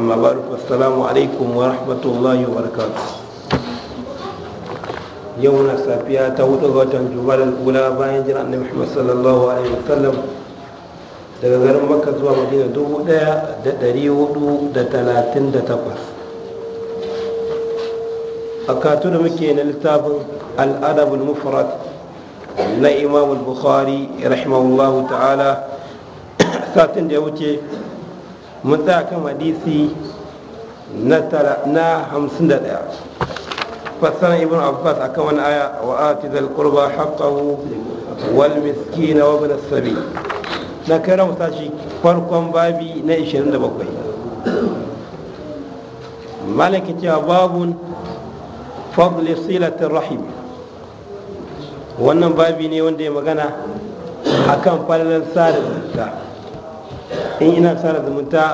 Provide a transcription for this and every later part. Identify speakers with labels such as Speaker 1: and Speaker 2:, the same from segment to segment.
Speaker 1: amma ba'du assalamu alaikum wa rahmatullahi wa barakatu yau na safiya ta hudu ga watan juma'a ula bayan jiran annabi Muhammad sallallahu alaihi sallam daga garin Makka zuwa Madina dubu daya da dari hudu da talatin da takwas a katu da muke na littafin al'adabul mufrad na imam bukhari rahimahullahu ta'ala satin da ya wuce Mun tsaya kan hadisi na hamsin da ɗaya. fassara ibn abbas a kan wani aya wa ati zal qurba haqqahu wal miskin wa ibn sabi na kai rahusa shi farkon babi na da 27 malaka cewa babun fadli silatin rahim wannan babi ne wanda ya magana akan fallan sa da zuciya in ina tsara zumunta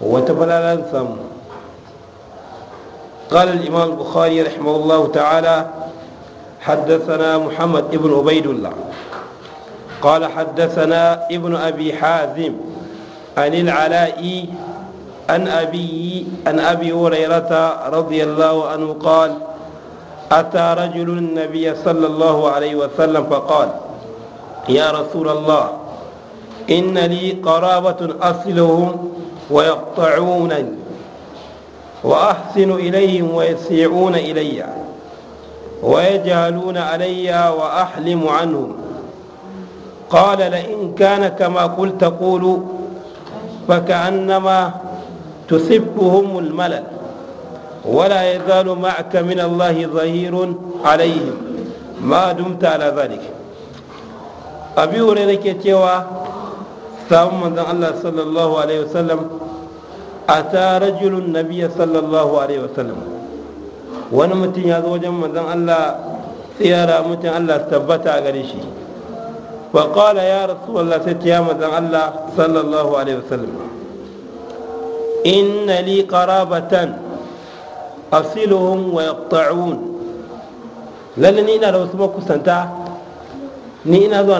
Speaker 1: wata falala samu قال الإمام البخاري رحمه الله تعالى حدثنا محمد ابن عبيد الله قال حدثنا ابن أبي حازم عن العلاء عن أبي عن أبي هريرة رضي الله عنه قال أتى رجل النبي صلى الله عليه وسلم فقال يا رسول الله إن لي قرابة أصلهم ويقطعونني وأحسن إليهم ويسيعون إلي ويجهلون علي وأحلم عنهم قال لئن كان كما قلت تقول فكأنما تسبهم الملل ولا يزال معك من الله ظهير عليهم ما دمت على ذلك أبي هريرة كتوى sabon manzon Allah sallallahu alaihi wasallam ata rajulun Nabiya sallallahu alaihi wasallam wani mutum ya zo wajen manzon Allah tsiyara mutum Allah tabbata a gare shi fa qala ya rasulullah sai yi manzon Allah sallallahu alaihi wasallam inna li qarabatan asiluhum wa yaqta'un lalle ni na da wasu makusanta ni ina zuwa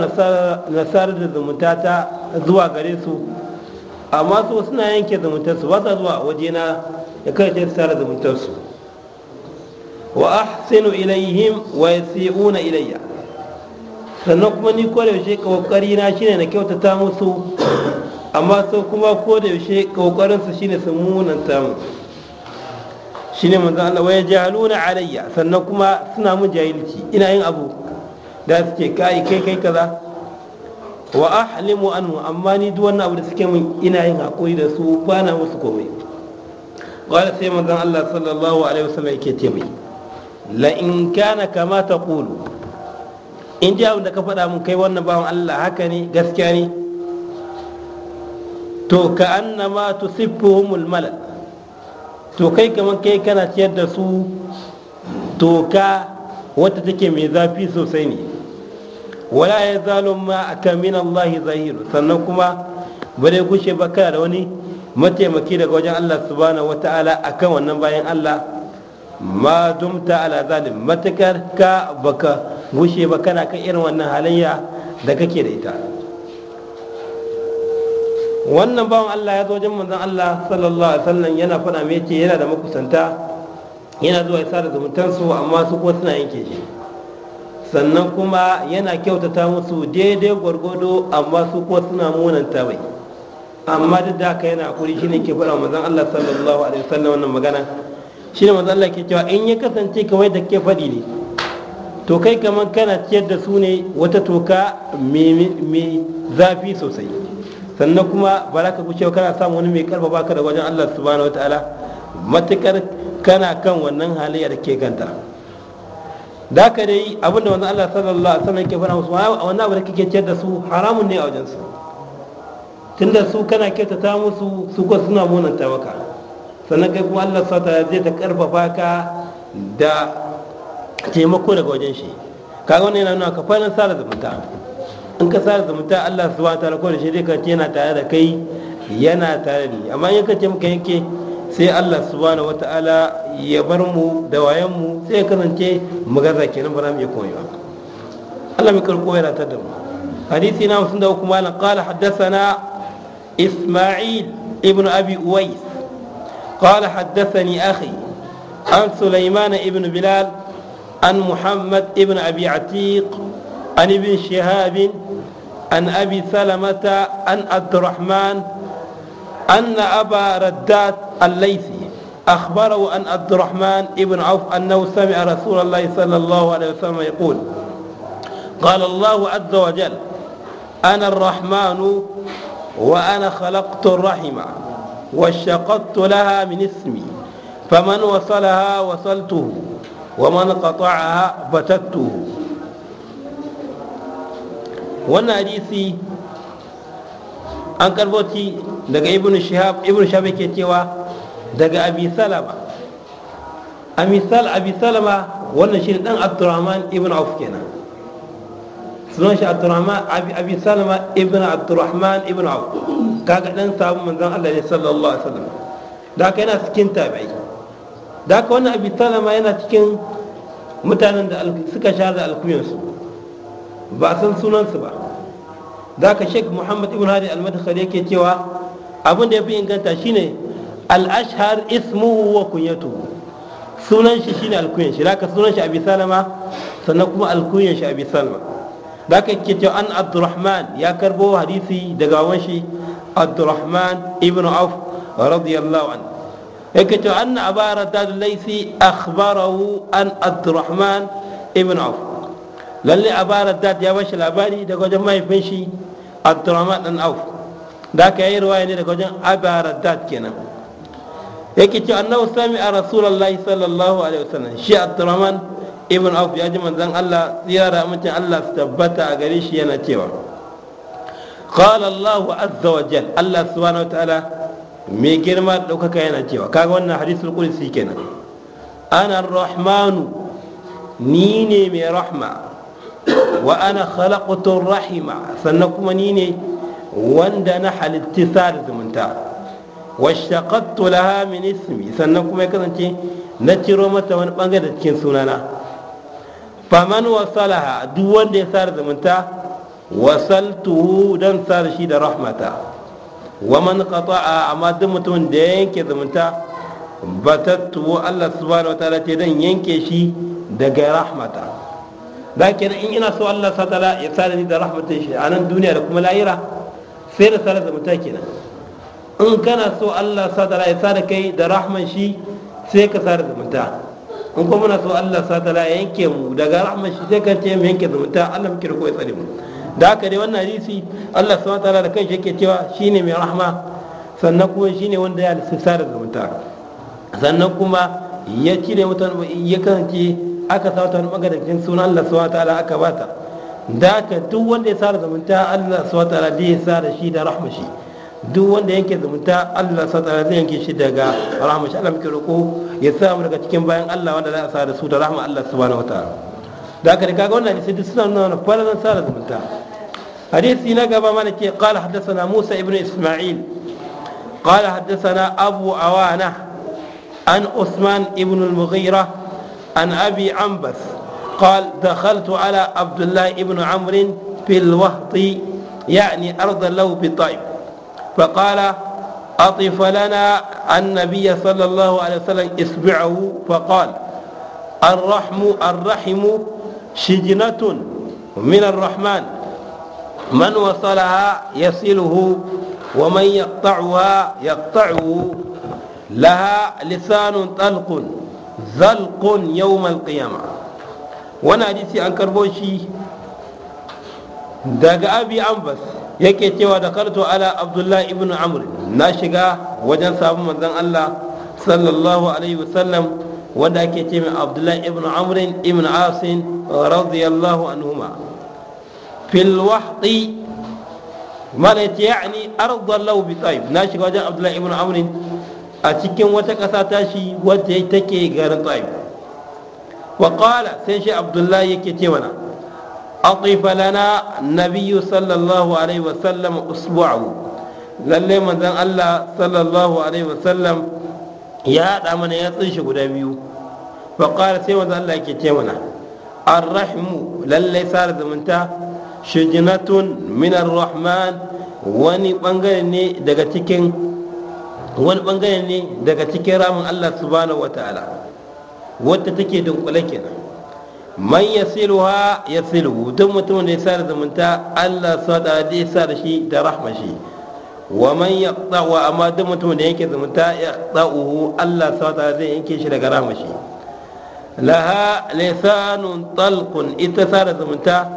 Speaker 1: nasarar da zumunta ta zuwa gare su amma su suna yanke zumuntarsu ba sa zuwa wajena ya kai ta tsara zumuntarsu wa ahsinu ilaihim wa yasi'una ilayya sannan kuma ni ko da yaushe kokari na shine na kyautata musu amma so kuma ko da yaushe kokarin su shine su munanta mu shine manzo Allah wa yajaluna alayya sannan kuma suna mun jahilci ina yin abu da su ce kai kai kai kaza wa ahlimu anhu amma ni duk wannan abu da suke min ina yin hakuri da su ba na musu komai qala sai manzon Allah sallallahu alaihi wasallam yake ce mai la in kana kama taqulu in ji abin da ka faɗa mun kai wannan bawan Allah haka ne gaskiya ne to ka annama tusibbuhumul malal to kai kamar kai kana ciyar da su To ka wata take mai zafi sosai ne wala ya zalu ma aka min Allah zahiru sannan kuma ba dai kushe ba kana da wani mataimaki daga wajen Allah subhanahu wata'ala akan wannan bayan Allah ma dumta ala zalim matakar ka baka gushe ba kana kan irin wannan halayya da kake da ita wannan bawan Allah ya zo wajen manzon Allah sallallahu alaihi wasallam yana faɗa mai yake yana da makusanta yana zuwa ya sada zumuntansu amma su kuma suna yanke shi sannan kuma yana kyautata musu daidai gwargwado amma su kuwa suna munanta bai amma duk da haka yana shi shine ke faɗa manzon Allah sallallahu alaihi wasallam wannan magana shine manzon Allah ke cewa in ya kasance kawai da ke faɗi ne to kai kamar kana ciyar da su ne wata toka mai zafi sosai sannan kuma ba za ka guce kana samu wani mai karfa ka da wajen Allah subhanahu wataala matukar kana kan wannan halayya da ke ganta da ka dai abinda wanzan Allah sallallahu alaihi wasallam ke faɗa musu a wannan abu da kake ciyar da su haramun ne a wajen su tunda su kana kyautata musu su ko suna munanta maka sannan kai kuma Allah sata zai ta karfafa ka da taimako daga wajen shi kaga wannan yana nuna ka fara sara zumunta in ka sara zumunta Allah subhanahu wa ta'ala ko da shi zai kace yana tare da kai yana tare da ni amma in ka ce maka yake sai Allah subhanahu wata'ala ya bar mu da wayan mu sai ya kasance mu gaza kenan ba za mu iya ba Allah mai karko yana da mu hadisi na musun da kuma lan qala haddathana Isma'il ibn Abi Uwais qala ni akhi an Sulaiman ibn Bilal an Muhammad ibn Abi Atiq an ibn Shihab an abi salamata an abdurrahman أن أبا ردات الليثي أخبره أن عبد الرحمن ابن عوف أنه سمع رسول الله صلى الله عليه وسلم يقول قال الله عز وجل أنا الرحمن وأنا خلقت الرحمة واشتقت لها من اسمي فمن وصلها وصلته ومن قطعها بتته wannan hadisi an karbo daga ibn shihab ibn shihab yake daga abi salama misal abi salama wannan shi dan abdurrahman ibn auf kenan sunan shi abdurrahman abi salama ibn abdurrahman ibn auf kaga dan samu manzon Allah ne sallallahu alaihi wasallam da haka yana cikin tabi'i da haka wannan abi salama yana cikin mutanen da suka sha da alkuyansu ba san sunansu ba da haka shek muhammad ibn hadi al-madkhali yake cewa abin da ya fi inganta shine al'ashar ismuhu wa kunyatu sunan shi shine alkunyar shi zaka sunan shi abi salama sannan kuma alkunyar shi abi salama zaka yake cewa an abdurrahman ya karbo hadisi daga wan shi abdurrahman ibn auf radiyallahu an ke cewa an aba da laisi akhbarahu an abdurrahman ibn auf lalle abara radad ya bashi labari daga wajen mahaifin shi abdurrahman dan auf da ka yi ruwaya ne daga wajen abara radad kenan yake ce annahu sami'a rasulullahi sallallahu alaihi wasallam shi abdurrahman ibn auf ya ji manzan Allah tsira da Allah su tabbata a gare shi yana cewa qala Allah azza wa jal Allah subhanahu wataala mai girma daukaka yana cewa kaga wannan hadisul qudsi kenan ana ar-rahmanu ni ne mai rahma wa ana rahima sannan kuma nine, wanda na halitti sa da zumunta washtaqattu laha min ismi sannan kuma ya kasance na ciro mata wani bangare da cikin sunana faman wasalaha duk wanda ya sa zumunta wasaltuhu dan sa shi da rahmata wa man qata'a amma duk mutumin da ya yanke zumunta batattu Allah subhanahu wataala ce dan yanke shi daga rahmata da kenan in ina so Allah subhanahu wataala ya sa ni da rahmata shi a nan duniya da kuma lahira sai da sa zumunta kenan in kana so Allah sadala ya sada kai da rahman shi sai ka sada zumunta in kuma na so Allah sadala ya yanke mu daga rahman shi sai ka ce mu yanke zumunta Allah muke ko ya tsare mu da haka dai wannan hadisi Allah subhanahu wataala da shi yake cewa shine mai rahma sannan kuma shine wanda ya sada zumunta sannan kuma ya cire mutane ya kasance aka sa wata magadacin sunan Allah subhanahu wataala aka bata da haka duk wanda ya sada zumunta Allah subhanahu wataala sa sada shi da rahman shi duk wanda yanke zumunta Allah satara zai yanke shi daga rahama shi Allah muke roko ya samu daga cikin bayan Allah wanda za a sa da su da rahama Allah subhanahu ta'ala da aka ga wannan hadisi duk suna nuna zan sa da zumunta hadisi na gaba mana ce qala haddathana Musa ibn Isma'il qala haddathana Abu Awana an Usman ibn al-Mughira an Abi Ambas قال دخلت على عبد الله ابن عمرو في الوهط يعني ارض له بطيب فقال أطف لنا النبي صلى الله عليه وسلم إصبعه فقال الرحم الرحم شجنة من الرحمن من وصلها يصله ومن يقطعها يقطعه لها لسان طلق زلق يوم القيامة وانا حديثي أنكر بوشي daga abi yake cewa da karto ala abdullahi ibn amr na shiga wajen sabon manzon Allah sallallahu alaihi wasallam wanda ake ce mai abdullahi ibn amr ibn asin radiyallahu anhuma fil wahdi mala ta yani law bi taif na shiga wajen abdullahi ibn amr a cikin wata ƙasa tashi wadda take garin taif wa qala sai shi abdullahi yake ce mana أطف لنا نبي صلى الله عليه وسلم أسبوعه lalle manzon Allah sallallahu alaihi wasallam ya haɗa mana ya tsinshi guda biyu fa qala sai manzon Allah yake ce mana arrahmu lalle sar zumunta shujinatun min arrahman wani bangare ne daga cikin wani bangare ne daga cikin ramin Allah subhanahu wataala wacce take dunkule kenan man ya ya yasiluhu duk mutumin da ya sa da zumunta Allah sada da ya sa da shi da rahma shi wa man yaqta'u amma duk mutumin da yake zumunta yaqta'uhu Allah sada zai yanke shi daga rahma shi laha lisanun talqun ita sa da zumunta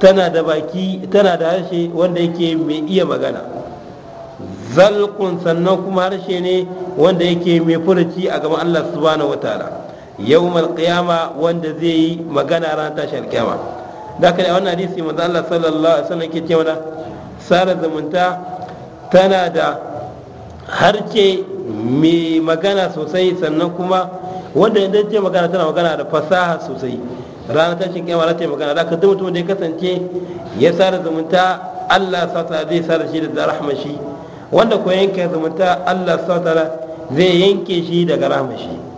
Speaker 1: tana da baki tana da harshe wanda yake mai iya magana zalqun sannan kuma harshe ne wanda yake mai furuci a gaban Allah subhanahu wataala yawmal qiyama wanda zai yi magana ran tashi alkiyama da ka da wannan hadisi manzo Allah sallallahu alaihi wasallam ke cewa sara zumunta tana da harce mai magana sosai sannan kuma wanda idan ce magana tana magana da fasaha sosai ranar tashin kiyama za ta yi magana da aka duk mutum da ya kasance ya sara zumunta Allah sata zai sara shi da rahmar shi wanda ko yanke zumunta Allah sata zai yanke shi daga rahama shi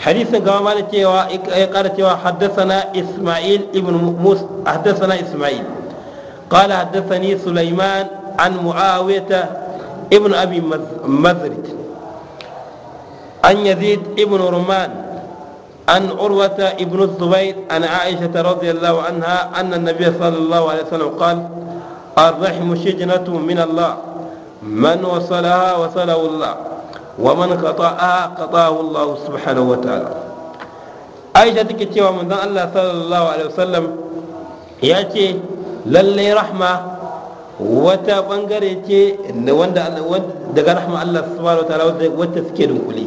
Speaker 1: حديث قوامان تيوا قال تيوا حدثنا إسماعيل ابن موسى حدثنا إسماعيل قال حدثني سليمان عن معاوية ابن أبي مزرد عن يزيد ابن رمان عن عروة ابن الزبير عن عائشة رضي الله عنها أن النبي صلى الله عليه وسلم قال الرحم شجنة من الله من وصلها وصله الله wa man qata'a qata'ahu Allah subhanahu wa ta'ala Aisha take cewa manzon Allah sallallahu alaihi wasallam ya ce lallai rahma wata bangare ce daga rahma Allah subhanahu wa ta'ala wata suke dunkule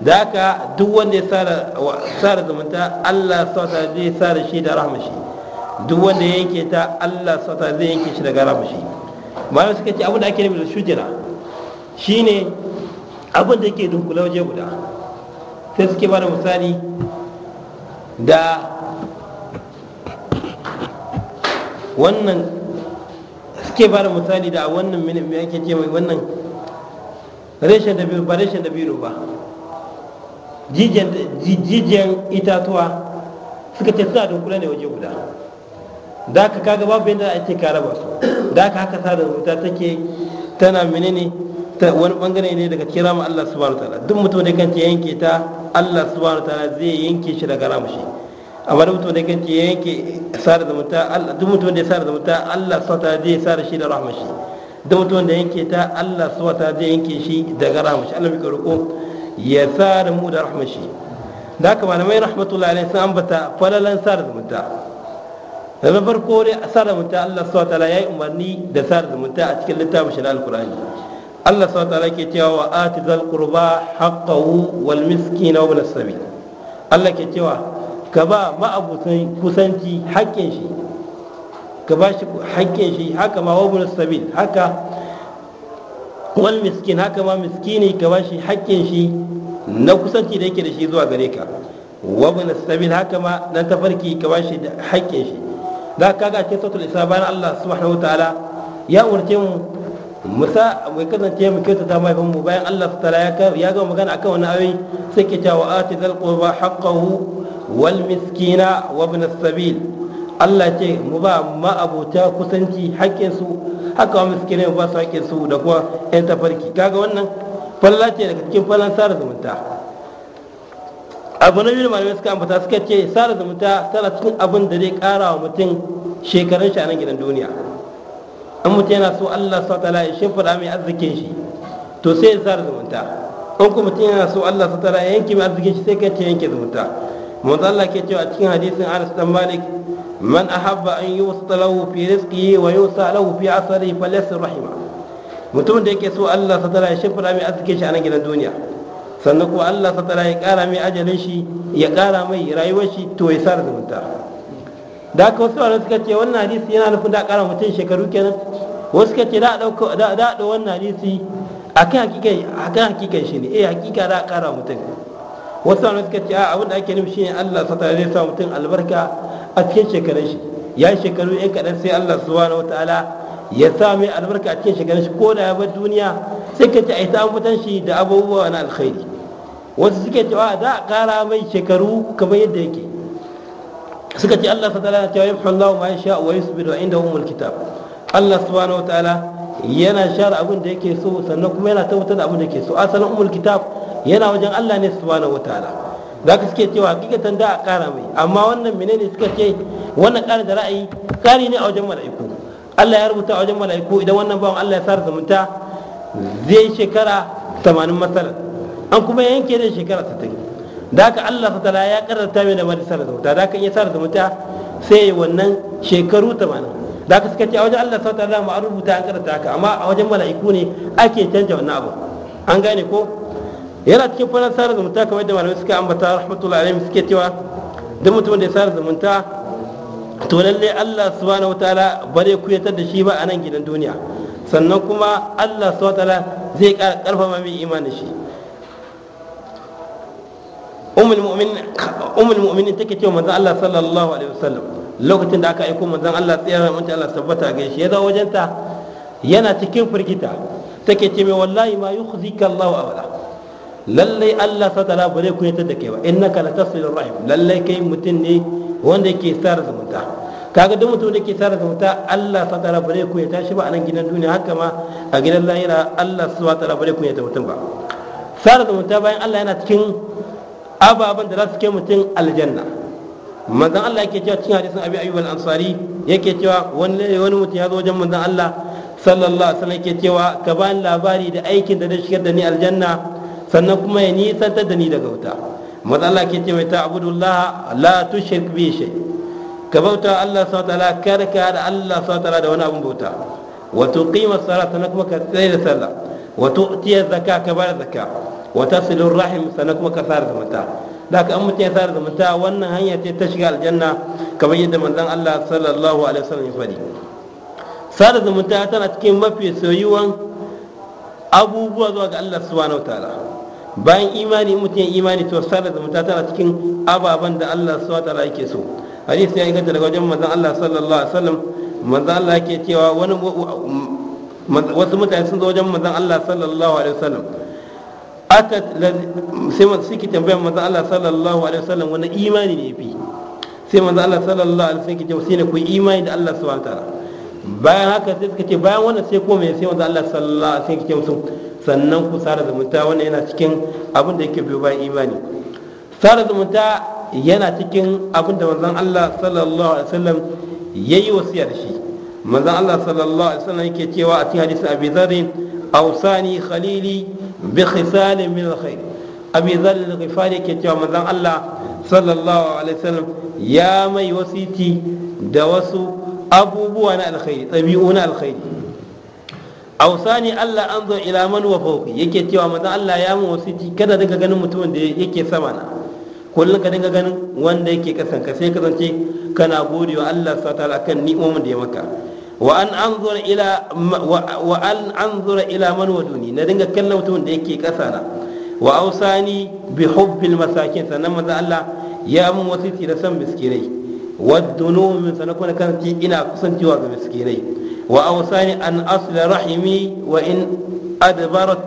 Speaker 1: da haka duk wanda ya tsara zumunta Allah sauta zai tsara shi da rahama duk wanda ya yanke Allah sauta zai yanke shi daga rahama shi malam suka ce abu da ake nufi da shujira shine abin da yake dunkula waje guda sai suke bada misali da wannan suke bada misali da wannan minin mai ake mai wannan rashin dabino ba reshen dabino ba jijiyan itatuwa suka ce suna dunkula ne waje guda da aka kaga babu yadda ake kara ba su da aka haka sa da rubuta take tana menene wani bangare ne daga cikin ramin Allah subhanahu wataala duk mutum da kanta ya yanke ta Allah subhanahu wataala zai yanke shi daga ramin shi amma duk mutum da kanta ya yanke sare muta Allah duk mutum da ya da muta Allah subhanahu wataala zai sare shi da rahmar shi duk mutum da yanke ta Allah subhanahu wataala zai yanke shi daga rahmar shi Allah muke roƙo ya sare mu da rahmar shi da haka malamai rahmatullahi alaihi sun ambata falalan sare zumunta da na farko dai a sare zumunta Allah subhanahu wataala ya yi umarni da sare zumunta a cikin littafin shi na alkur'ani Allah sa ta ta'ala ke cewa wa ati zal qurba haqqahu wal miskina wa ibnas Allah ke cewa ka ba ma'abutan kusanci haƙƙin shi ka ba shi haƙƙin shi haka ma wa ibnas sabil haka wal miskin haka ma miskini ka ba shi haƙƙin shi na kusanci da yake da shi zuwa gare ka wa ibnas sabil haka ma na tafarki ka ba shi haƙƙin shi da kaga cikin sautul isa bayan Allah subhanahu wa ta'ala ya umarce mu musa mai kasance mu kyautata mu bayan allah ta tara ya gama magana akan wani ayoyi sai ke cewa ati zal qurba haqqahu wal miskina wa bina sabil allah ce mu ba ma'abuta kusanci haƙƙin su haka wa miskina mu ba su haƙƙin su da kuma yan tafarki kaga wannan falla ce daga cikin fallan sara zumunta abu na biyu malamai suka ambata suka ce sara zumunta tana cikin abin da zai ƙara wa mutum shekarun shi a nan gidan duniya in mutum yana so Allah ta wataala shi shimfiɗa mai arzikin shi to sai ya tsara zumunta in kuma mutum yana so Allah sa ta ya yanke mai arzikin shi sai ka ce yanke zumunta mun zalla ke cewa a cikin hadisin Anas dan Malik man ahabba an yusata lahu fi rizqihi wa yusa lahu fi asari falyasir rahima mutum da yake so Allah subhanahu ya shimfiɗa mai arzikin shi a nan gidan duniya sannan kuma Allah subhanahu ya ƙara mai ajalin shi ya ƙara mai rayuwar shi to ya tsara zumunta da aka wasu wani suka ce wannan hadisi yana nufin da ƙara mutum shekaru kenan wasu suka ce da a ɗauka wannan hadisi akan hakikan akan shi ne eh hakika da ƙara mutum wasu wani suka ce a abin da ake nufi ne Allah sata zai sa mutum albarka a cikin shekarun shi ya yi shekaru yan kaɗan sai Allah subhanahu wataala ya sa mai albarka a cikin shekarun shi ko da ya bar duniya sai ka ce a ta mutan shi da abubuwa na alkhairi wasu suke cewa za a ƙara mai shekaru kamar yadda yake suka ce Allah ta'ala ya cewa yamhu Allah ma yasha wa yusbiru indahum alkitab Allah subhanahu ta'ala yana share abin da yake so sannan kuma yana tabbatar da abin da yake so asalin umul kitab yana wajen Allah ne subhanahu wataala da ka suke cewa hakikatan da a kara mai amma wannan menene suka ce wannan kara da ra'ayi kari ne a wajen mala'iku Allah ya rubuta a wajen mala'iku idan wannan bawan Allah ya sa zumunta zai shekara 80 masalan an kuma yanke da shekara 60 da ka Allah ta'ala ya karanta mai da mari sara zumunta da ka iya ya da zumunta sai ya wannan shekaru 80 da ka suka ce a wajen Allah ta'ala ma an rubuta an karanta haka amma a wajen mala'iku ne ake canja wannan abu an gane ko yana cikin fara sara zumunta kamar yadda malamai suka ambata rahmatullahi alaihi suke cewa duk mutumin da ya sara zumunta to lalle Allah subhanahu wataala ba zai kuyatar da shi ba a nan gidan duniya sannan kuma Allah subhanahu wataala zai ƙara ƙarfafa mai imanin shi ummul mu'minin ummul mu'minin take cewa manzon Allah sallallahu alaihi wasallam lokacin da aka aiko manzon Allah tsaya mai Allah tabbata ga shi ya zo wajenta yana cikin firgita take ce mai wallahi ma yukhzika Allahu abada lallai Allah sa tala bare ku yata da kai ba innaka la tasilur rahim lallai kai mutum ne wanda yake sara zumunta kaga duk mutum da yake sara zumunta Allah sa tala bare ku yata shi ba a nan gidan duniya haka ma a gidan lahira Allah sa tala bare ku yata mutum ba sara zumunta bayan Allah yana cikin ababen da za su kai mutum aljanna manzan Allah yake cewa cikin hadisin Abi Ayyub al-Ansari yake cewa wani wani mutum ya zo wajen manzan Allah sallallahu alaihi wasallam yake cewa ka ni labari da aikin da zai shigar da ni aljanna sannan kuma ya nisantar da ni daga wuta manzan Allah yake cewa ta abudullah la tushrik bi shay ka bauta Allah subhanahu wa ta'ala kar ka da Allah subhanahu wa da wani abun bauta wa tuqima salata sannan kuma ka tsaya da sallah wa tu'tiya zakka ka bada zakka wata silin rahim sannan kuma ka sara zumunta da haka an ya sara zumunta wannan hanya ce ta shiga aljanna kamar yadda manzon Allah sallallahu alaihi wasallam ya faɗi sada zumunta tana cikin mafi soyuwan abubuwa zuwa ga Allah subhanahu wataala bayan imani mutum ya imani to sada zumunta tana cikin ababen da Allah subhanahu wataala yake so hadisi ya inganta daga wajen manzon Allah sallallahu alaihi wasallam manzon Allah yake cewa wani wasu mutane sun zo wajen manzon Allah sallallahu alaihi wasallam aka sai man suke tambayar manzo Allah sallallahu alaihi wasallam wani imani ne fi sai manzo Allah sallallahu alaihi wasallam ke cewa sai ne ku imani da Allah subhanahu ta'ala bayan haka sai suka ce bayan wannan sai ko me sai manzo Allah sallallahu alaihi wasallam ke musu sannan ku sara zumunta wannan yana cikin abin da yake biyo bayan imani sara zumunta yana cikin abin da manzon Allah sallallahu alaihi wasallam yayi wasiya da shi manzon Allah sallallahu alaihi wasallam yake cewa a cikin hadisin Abi Dharr awsani khalili bi khisalin min alkhair abi dhar al-ghifari ke cewa manzon Allah sallallahu alaihi wasallam ya mai wasiti da wasu abubuwa na alkhairi ɗabi'u na alkhairi ausani Allah an zo ila man wa yake cewa manzon Allah ya mu wasiti kada daga ganin mutumin da yake sama na kullum ka dinga ganin wanda yake kasan ka sai kasance kana godewa Allah subhanahu wa kan ni'imomin da ya maka wa an anzura ila man waduni na dinga kallon mutumin da yake kasa na wa ausani bi hubbil masakin sannan maza Allah ya mun wasu da san miskinai wa dunumin sannan kuma kanci ina kusancewa ga miskinai wa ausani an asila rahimi wa in adbarat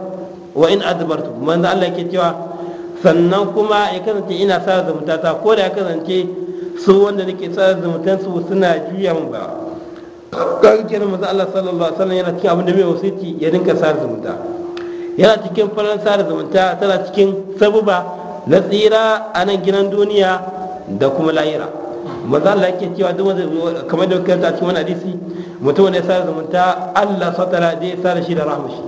Speaker 1: wa in adbartu manzo Allah yake cewa sannan kuma ya kasance ina sa zumunta ta ko da ya kasance su wanda nake sa su suna juya mun ba kaga kenan manzo Allah sallallahu alaihi wasallam yana cikin abin da mai wasiti ya dinka sar zumunta yana cikin faran sar zumunta tana cikin sabuba na tsira a nan gidan duniya da kuma lahira manzo Allah yake cewa duk wanda kamar da kanta cikin wani hadisi mutum ne sar zumunta Allah satara zai sar shi da rahmashi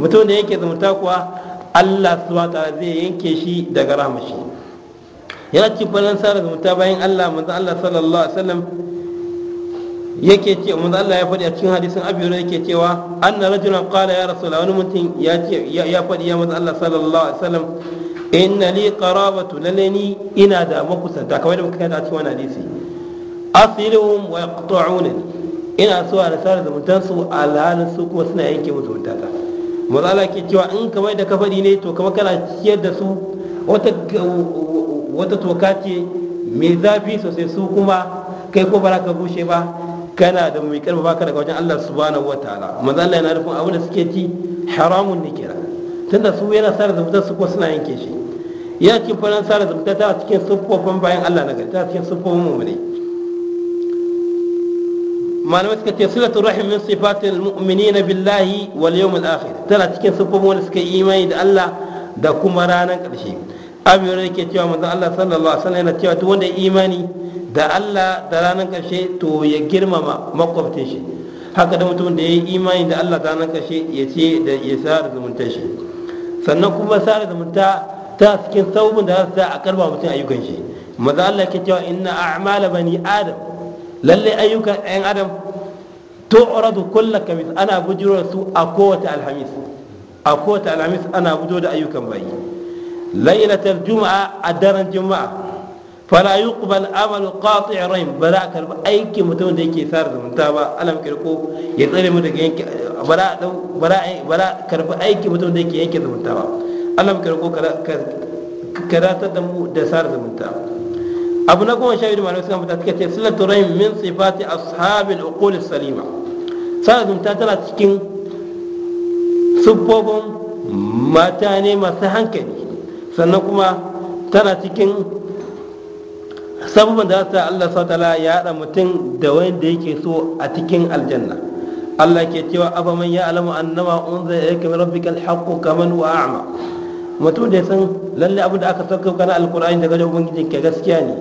Speaker 1: mutum da yake zumunta kuwa Allah subhanahu wa zai yanke shi daga rahmashi yana cikin faran sar zumunta bayan Allah manzo Allah sallallahu alaihi wasallam yake ce manzo Allah ya faɗi a cikin hadisin Abi Hurairah yake cewa anna rajulan qala ya rasulullah wani mutum ya ce ya faɗi ya manzo Allah sallallahu alaihi wasallam inna li qarabatu lalani ina da makusanta kawai da muka kai da cikin wannan hadisi asiluhum wa yaqta'una ina so a rasar mutan su alhalin su kuma suna yanke musu zumunta manzo Allah ke cewa in kamar da ka faɗi ne to kamar kana ciyar da su wata wata toka ce mai zafi sosai su kuma kai ko ba ka bushe ba kana da mai karfafa ka daga wajen Allah subhanahu wataala manzo Allah yana nufin abin da suke ci haramun ne kira tunda su yana da zubutar su ko suna yanke shi ya ci sa da zubutar ta cikin sufofin bayan Allah na gari ta cikin siffofin mu'mini malamai suka ce silatul rahim min sifatil mu'minina billahi wal yawmil akhir tana cikin sufofin wanda suka yi imani da Allah da kuma ranar ƙarshe da yake cewa manzo Allah sallallahu alaihi wasallam yana cewa duk wanda imani da Allah da ranar ƙarshe to ya girmama makwabta shi haka da mutum da ya yi imani da Allah da ranar ƙarshe ya ce da ya sa'ar zumunta shi sannan kuma sa'ar zumunta ta cikin saubin da za su a karba mutum ayyukan shi maza Allah ke cewa inna a'mala bani adam lalle ayyukan ɗayan adam tu'radu kullu kamis ana bujiro su a kowace alhamis a kowace alhamis ana bujo da ayyukan bayi lailatul juma'a a daren juma'a fala yuqbal amal qati' rahim ba za a karbi aikin mutumin da yake sar zumunta ba alam kirko ya tsare mu daga yanke ba za a karbi aikin mutumin da yake yanke zumunta ba alam kirko karatar da mu da sar zumunta abu na goma sha biyu malamai suka fita suka ce silatu rahim min sifati ashabil uqul salima sar zumunta tana cikin siffofin mata ne masu hankali sannan kuma tana cikin sababin da sa Allah ta'ala ya haɗa mutum da wanda yake so a cikin aljanna Allah ke cewa afa man ya alamu annama unzila ya kamar rabbikal haqqu kamar wa a'ma mutum da san lalle abu da aka sauka kana alqur'ani daga da ubangiji ke gaskiya ne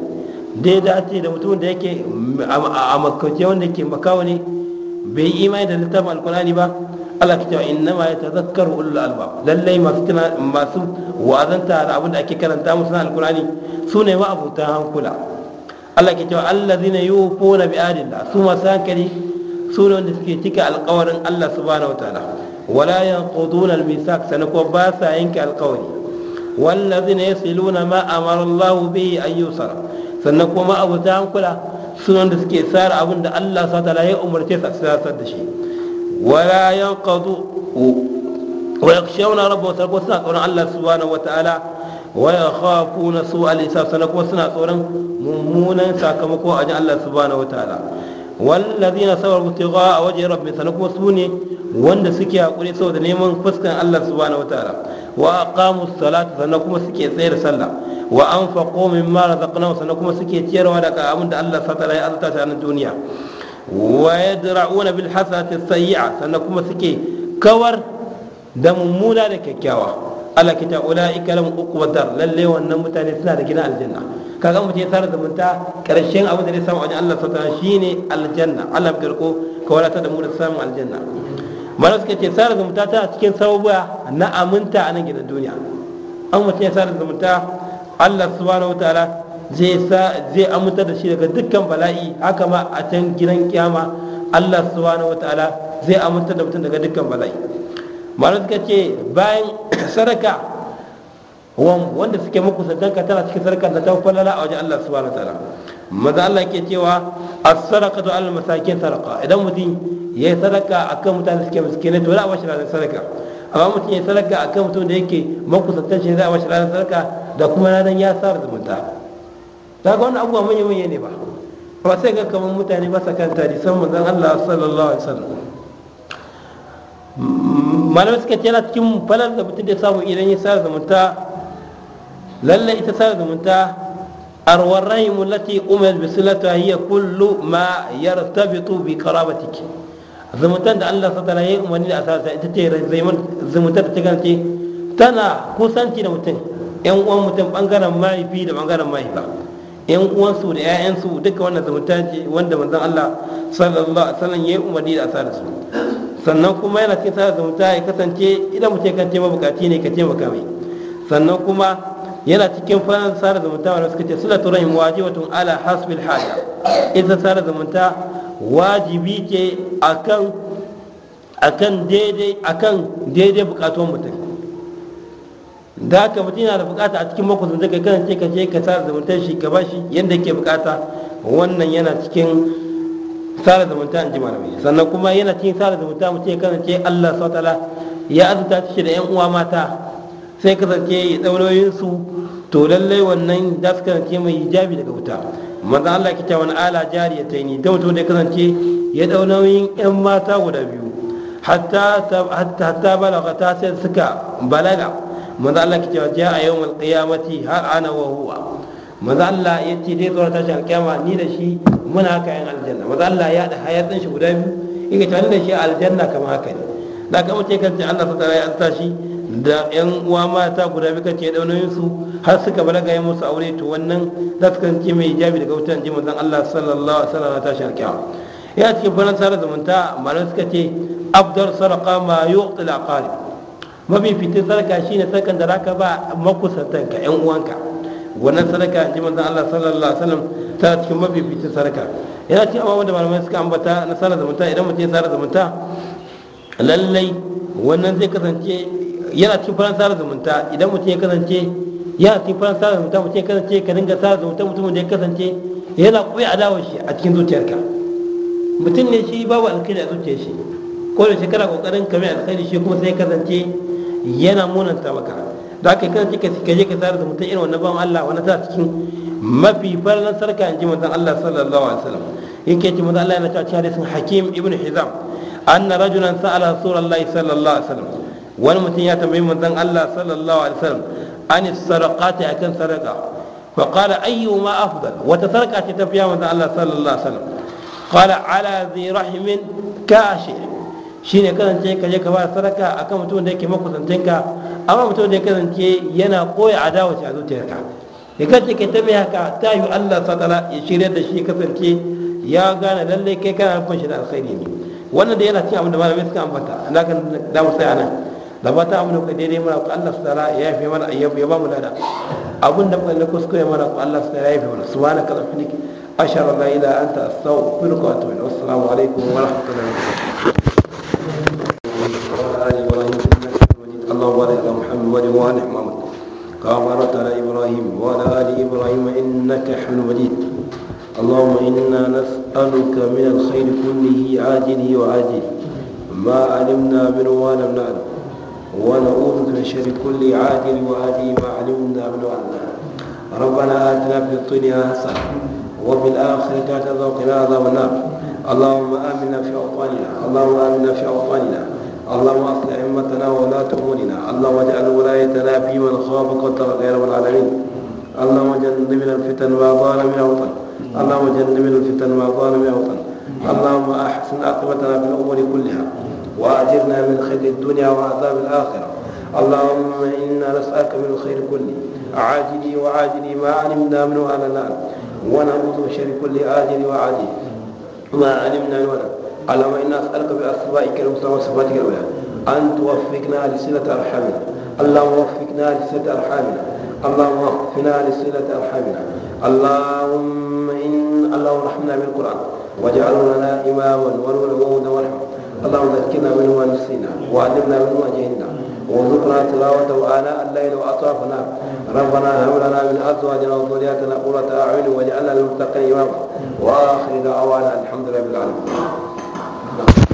Speaker 1: dai da ce da mutum da yake a makauce wanda ke makawa ne bai yi imani da littafin alqur'ani ba Allah ke cewa innama yatazakkaru ulul albab lalle masu masu wazanta da abin da ake karanta musu na alqur'ani su ne ma abuta hankula Allah ke cewa allazina yufuna bi da su masu hankali su ne wanda suke cika alkawarin Allah subhanahu wataala wala yanquduna al-misaq ko ba sa yanke alkawari wallazina yasiluna ma amara Allah bihi an yusar sannan kuma abu ta hankula su ne wanda suke abin da Allah subhanahu wataala ya umarce su a da shi wala yanqadu wa yakhshawna rabbahum suna tsoron Allah subhanahu wataala waya khafu na su alisa sana kuma suna tsoron mummunan sakamako a jin Allah subhanahu wataala wallazina sabaru tiqa a waje rabbi sana kuma su ne wanda suke hakuri saboda neman fuskan Allah subhanahu wataala wa aqamu salat sana kuma suke tsayar sallah wa anfaqu mimma razaqnahum sana kuma suke ciyarwa daga abin da Allah subhanahu wataala ya azurta ta nan duniya wa yadra'una bil hasanati sayyi'a sana kuma suke kawar da mummuna da kyakkyawa ala kita ulaika lahum uqwatar lalle wannan mutane suna da gidan aljanna kaga mutum ya tsara zumunta karshen abu da zai samu a wajen Allah subhanahu shine aljanna Allah ya karko ka wadata da mu da samun aljanna mana suka ce tsara zumunta ta cikin sabuwa na aminta a nan gidan duniya an mutum ya tsara zumunta Allah subhanahu wataala zai sa zai aminta da shi daga dukkan bala'i haka ma a can gidan kiyama Allah subhanahu wataala zai aminta da mutum daga dukkan bala'i malam suka ce bayan sadaka wanda suke makusantanka tana cikin sadaka da ta falala a wajen Allah subhanahu wa ta'ala maza Allah ke cewa as-sadaqatu al masakin sadaqa idan mutum ya yi sadaka akan mutane suke miskinai to za a bashi ranar sadaka amma mutum ya yi sadaka akan mutum da yake makusantan shi za a bashi ranar sadaka da kuma ranar ya sa zumunta ta ga wani abubuwa manya-manya ne ba ba sai ga kamar mutane ba sa da san manzon Allah sallallahu alaihi wasallam malamai suka ce yana cikin falar da mutum da samu idan ya sa zumunta lalle ita sa zumunta arwar rahimu lati umar bisilata hiya kullu ma yartabitu bi karabatiki zumuntan da Allah satala ya umarni da asarta ita ce zumuntar da ta gance tana kusanci da mutum yan uwan mutum bangaren mahaifi da bangaren mahaifa yan uwansu da 'ya'yansu duka wannan zumunta ce wanda manzon Allah sallallahu alaihi wasallam ya umarni da asarta su sannan kuma yana cikin sada zumunta ya kasance idan mutum kan taimaka bukati ne ka taimaka mai sannan kuma yana cikin fara sada zumunta wanda suka ce sulatu rahim wajibatun ala hasbil haja ita sada zumunta wajibi ce akan akan daidai akan daidai bukatun mutum da haka mutum yana da bukata a cikin makwasanta ka kasance ka je ka sada zumunta shi ka bashi yadda ke bukata wannan yana cikin sada zumunta in ji malamai sannan kuma yana cikin sada zumunta mutum ya kasance Allah sautala ya azuta shi da yan uwa mata sai kasance ya ɗauroyin su to lallai wannan za su kasance mai hijabi daga wuta manzo Allah ya kita wani ala ya ta ni da mutum da ya kasance ya ɗauroyin yan mata guda biyu hatta hatta balaga ta sai suka balaga manzo Allah ya kita ja a yawmal qiyamati har ana wa huwa manzo Allah ya ce dai tsoron tashin alkiyama ni da shi muna haka yan aljanna maza Allah ya da hayatsin shi guda biyu yake tare da shi aljanna kamar haka ne da ka wuce kan Allah ta tara ya shi da yan uwa mata guda biyu kace da nauyin su har suka balaga ya musu aure to wannan za su kasance mai jabi daga wutan ji manzon Allah sallallahu alaihi wasallam shi alkiyama ya cikin banan sarar zumunta malamai suka ce abdar sarqa ma yuqtil aqarib mafi fitin sadaka shine sarkan da zaka ba makusantanka yan uwanka wannan sadaka ji manzon Allah sallallahu alaihi wasallam ta cikin mafificin sarka yana cikin amma da malamai suka ambata na sarar zumunta idan mutum ya sarar zumunta lallai wannan zai kasance yana cikin faran sarar zumunta idan mutum ya kasance yana cikin faran sarar zumunta mutum ya kasance ka dinga sarar zumunta mutumin da ya kasance yana koyi adawar shi a cikin zuciyarka mutum ne shi babu alkhairi a zuciyar shi ko da shekara kokarin ka mai alkhairi shi kuma sai kasance yana munanta maka da aka kasance ka je ka sarar zumunta irin wannan ban Allah wani ta cikin mafi farin sarka in ji manzon Allah sallallahu alaihi wasallam yake ci manzon Allah yana cewa cikin sun Hakim ibn Hizam anna rajulan sa'ala Rasulullah sallallahu alaihi wasallam wani mutum ya tambayi manzon Allah sallallahu alaihi wasallam an sarqati akan sarqa fa qala ma afdal wata sarqa ce tafiya manzon Allah sallallahu alaihi wasallam qala ala dhi rahmin kashi shine kazance ka je ka ba sarqa akan mutum da yake makusantinka amma mutum da ya kazance yana koya adawa a zuciyarka ya kace ke ta mai haka ta yi Allah sadala ya shirya da shi kasance ya gane lalle kai kana nufin shi da alkhairi ne wannan da yana cin abin da malamai suka ambata ana kan damu sai anan da ba ta amurka daidai mana ku Allah subhanahu ya yafe mana ayyabu ya ba mu lada abin da kullum yi mana ku Allah subhanahu ya yafe mana subhanaka rabbika ashhadu an la da illa anta astaghfiruka wa atubu ilaik assalamu alaikum wa rahmatullahi wa barakatuh نسألك من الخير كله عاجله وعاجله ما علمنا منه ولم نعلم ونعوذ من الشر كل عاجل وآجل ما علمنا منه ولم نعلم ربنا آتنا في الدنيا حسنة وفي الآخرة تذوقنا عذاب النار اللهم آمنا في أوطاننا اللهم آمنا في أوطاننا اللهم اصلح أئمتنا ولا أمورنا اللهم اجعل ولايتنا في من خافك واتقاك يا رب العالمين اللهم جنبنا الفتن ما من وطن اللهم جنبنا الفتن ما من وطن اللهم احسن عاقبتنا في الامور كلها واجرنا من خير الدنيا وعذاب الاخره اللهم انا نسالك من الخير كله عاجلي وعاجلي ما علمنا منه على الان ونعوذ من شر كل عاجل وعاجل ما علمنا منه اللهم إنا أسألك بأسمائك الحسنى وصفاتك الأولى أن توفقنا لصلة أرحامنا اللهم وفقنا لصلة أرحامنا اللهم وفقنا لصلة أرحامنا اللهم إن اللهم ارحمنا بالقرآن واجعله لنا إماما ونورا وهدى ورحمة اللهم ذكرنا منه ما نسينا وعلمنا منه ما جهلنا وارزقنا تلاوته آناء الليل وأطرافنا ربنا هب لنا من أزواجنا وذرياتنا قرة أعين واجعلنا للمتقين إماما وآخر دعوانا الحمد لله رب العالمين No.